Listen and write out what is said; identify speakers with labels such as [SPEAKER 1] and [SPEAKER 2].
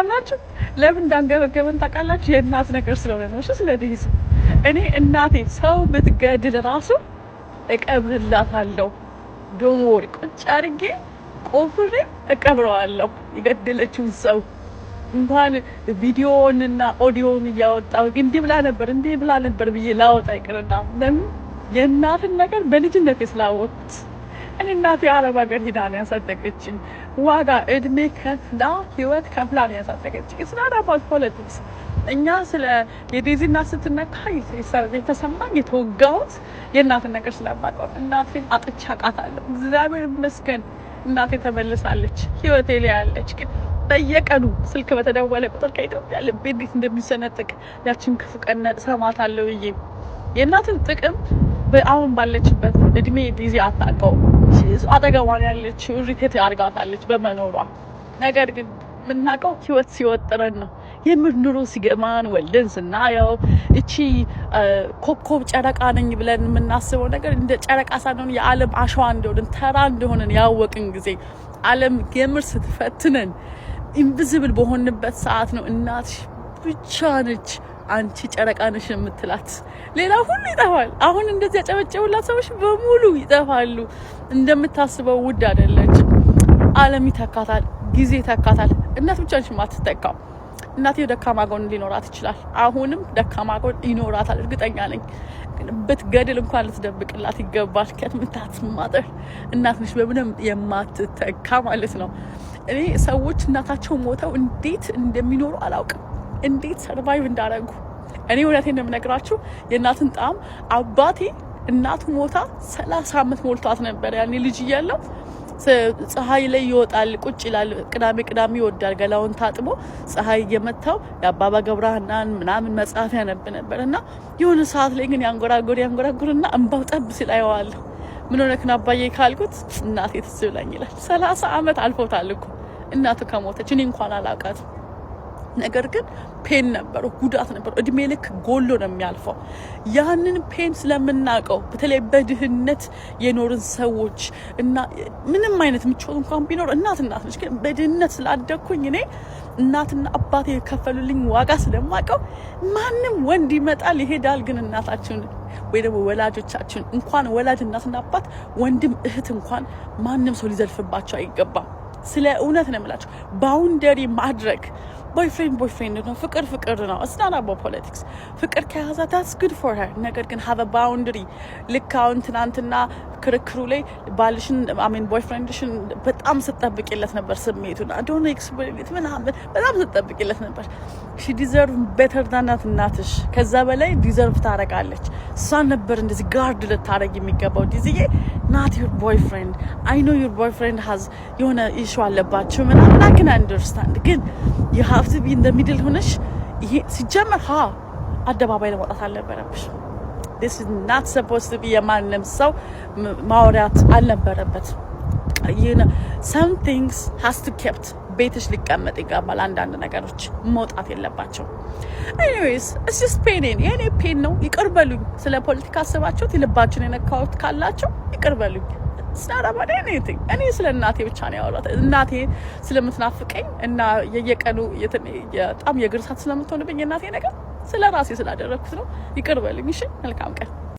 [SPEAKER 1] ታምናችሁ? ለምን እንዳንገበገበን ታውቃላችሁ? የእናት ነገር ስለሆነ ነው። እሺ፣ ስለዚህ እኔ እናቴ ሰው ብትገድል ራሱ እቀብርላታለሁ። ዶሞር ቁጭ አድርጌ ቆፍሬ እቀብረዋለሁ። የገደለችውን ሰው እንኳን ቪዲዮውን እና ኦዲዮውን እያወጣሁ እንዲህ ብላ ነበር እንዲህ ብላ ነበር ብዬ ላወጣ ይቅርና ለምን የእናትን ነገር በልጅነት ስላወት እኔ እናቴ አረብ ሀገር ሂዳ ያሳደገችኝ። ዋጋ እድሜ ከፍላ ህይወት ከፍላ ነው ያሳደገች። ስናት አባት ፖለቲክስ እኛ ስለ የዴዚ እናት ስትነካ የተሰማኝ የተወጋሁት የእናትን ነገር ስለማውቀው እናቴን አጥቼ አውቃታለሁ። እግዚአብሔር ይመስገን እናቴ ተመልሳለች፣ ህይወቴ ላይ ያለች። ግን በየቀኑ ስልክ በተደወለ ቁጥር ከኢትዮጵያ ልቤ እንዴት እንደሚሰነጥቅ ያችን ክፉ ቀን ሰማታለሁ ብዬ የእናትን ጥቅም አሁን ባለችበት እድሜ ጊዜ አታውቀው። አጠገቧን ያለችው ሪቴት አድርጋታለች በመኖሯ። ነገር ግን የምናውቀው ህይወት ሲወጥረን ነው። የምንኑሮ ሲገማን ወልደን ስናየው እቺ ኮከብ ጨረቃ ነኝ ብለን የምናስበው ነገር እንደ ጨረቃ ሳንሆን የዓለም አሸዋ እንደሆንን ተራ እንደሆንን ያወቅን ጊዜ ዓለም የምር ስትፈትነን ኢንቪዝብል በሆንበት ሰዓት ነው እናትሽ ብቻ ነች አንቺ ነሽ የምትላት ሌላ ሁሉ ይጠፋል። አሁን እንደዚህ ያጨበጨቡላት ሰዎች በሙሉ ይጠፋሉ። እንደምታስበው ውድ አይደለች። ዓለም ይተካታል፣ ጊዜ ይተካታል። እናት ብቻሽን አትተካም። እናቴ ደካማ ጎን ሊኖራት ይችላል። አሁንም ደካማ ጎን ይኖራታል፣ እርግጠኛ ነኝ። በትገድል እንኳን ልትደብቅላት ይገባል። ከትምታት ማጠር እናት ነሽ በምንም የማትተካ ማለት ነው። እኔ ሰዎች እናታቸው ሞተው እንዴት እንደሚኖሩ አላውቅም። እንዴት ሰርቫይቭ እንዳደረጉ እኔ እውነቴን ነው የምነግራችሁ። የእናትን ጣዕም አባቴ እናቱ ሞታ ሰላሳ አመት ሞልቷት ነበር ያኔ ልጅ እያለው ፀሐይ ላይ ይወጣል፣ ቁጭ ይላል። ቅዳሜ ቅዳሜ ይወዳል ገላውን ታጥቦ ፀሐይ እየመታው የአባባ ገብረሐናን ምናምን መጽሐፍ ያነብ ነበር እና የሆነ ሰዓት ላይ ግን ያንጎራጉር ያንጎራጉርና እንባው ጠብ ሲል አየዋለሁ። ምን ሆነ ክን አባዬ ካልኩት እናቴ ትዝ ብላኝ ይላል። ሰላሳ አመት አልፎታል እኮ እናቱ ከሞተች እኔ እንኳን አላውቃትም። ነገር ግን ፔን ነበረው፣ ጉዳት ነበረው። እድሜ ልክ ጎሎ ነው የሚያልፈው። ያንን ፔን ስለምናውቀው በተለይ በድህነት የኖርን ሰዎች እና ምንም አይነት ምቾት እንኳን ቢኖር እናት እናት ነች። ግን በድህነት ስላደግኩኝ እኔ እናትና አባቴ የከፈሉልኝ ዋጋ ስለማውቀው ማንም ወንድ ይመጣል ይሄዳል፣ ግን እናታችን ወይ ደግሞ ወላጆቻችን እንኳን ወላጅ እናትና አባት ወንድም እህት እንኳን ማንም ሰው ሊዘልፍባቸው አይገባም። ስለ እውነት ነው የምላቸው። ባውንደሪ ማድረግ ቦይፍሬንድ ቦይፍሬንድ ነው፣ ፍቅር ፍቅር ነው። እስናና በፖለቲክስ ፍቅር ከያዛ ታስ ጉድ ፎር ሄር። ነገር ግን ሀበ ባውንደሪ። ልክ አሁን ትናንትና ክርክሩ ላይ ባልሽን አሜን ቦይፍሬንድሽን በጣም ስጠብቅለት ነበር ስሜቱን አዶነ ኤክስፔሪሜንት ምናምን በጣም ስጠብቅለት ነበር ሺ ዲዘርቭ ቤተር ዳናት እናትሽ ከዛ በላይ ዲዘርቭ ታረጋለች። እሷን ነበር እንደዚህ ጋርድ ልታረግ የሚገባው። ዲዝዬ ናት ዩር ቦይፍሬንድ አይ ኖ ዩር ቦይፍሬንድ ሀዝ የሆነ ኢሹ አለባችሁ ምናምን አክን አንደርስታንድ ግን ዩ ሀቭ ቱ ቢ ኢን ዘ ሚድል ሆነሽ ይሄ ሲጀመር ሀ አደባባይ ለመውጣት አልነበረብሽ። ዲስ ኢዝ ናት ሰፖስ ቱ ቢ የማንም ሰው ማውሪያት አልነበረበት። ሰም ቲንግስ ሀዝ ቱ ኬፕት ቤትሽ ሊቀመጥ ይገባል። አንዳንድ ነገሮች መውጣት የለባቸው። ኤኒዌይስ እስስ ፔኔን የእኔ ፔን ነው። ይቅርበሉኝ። ስለ ፖለቲካ አስባችሁት ልባችን የነካሁት ካላቸው ይቅርበሉኝ። ስናረባዳ ኔቲንግ እኔ ስለ እናቴ ብቻ ነው ያወራት። እናቴ ስለምትናፍቀኝ እና የየቀኑ በጣም የግርሳት ስለምትሆንብኝ እናቴ ነገር ስለ ራሴ ስላደረግኩት ነው። ይቅርበልኝ። እሺ፣ መልካም ቀን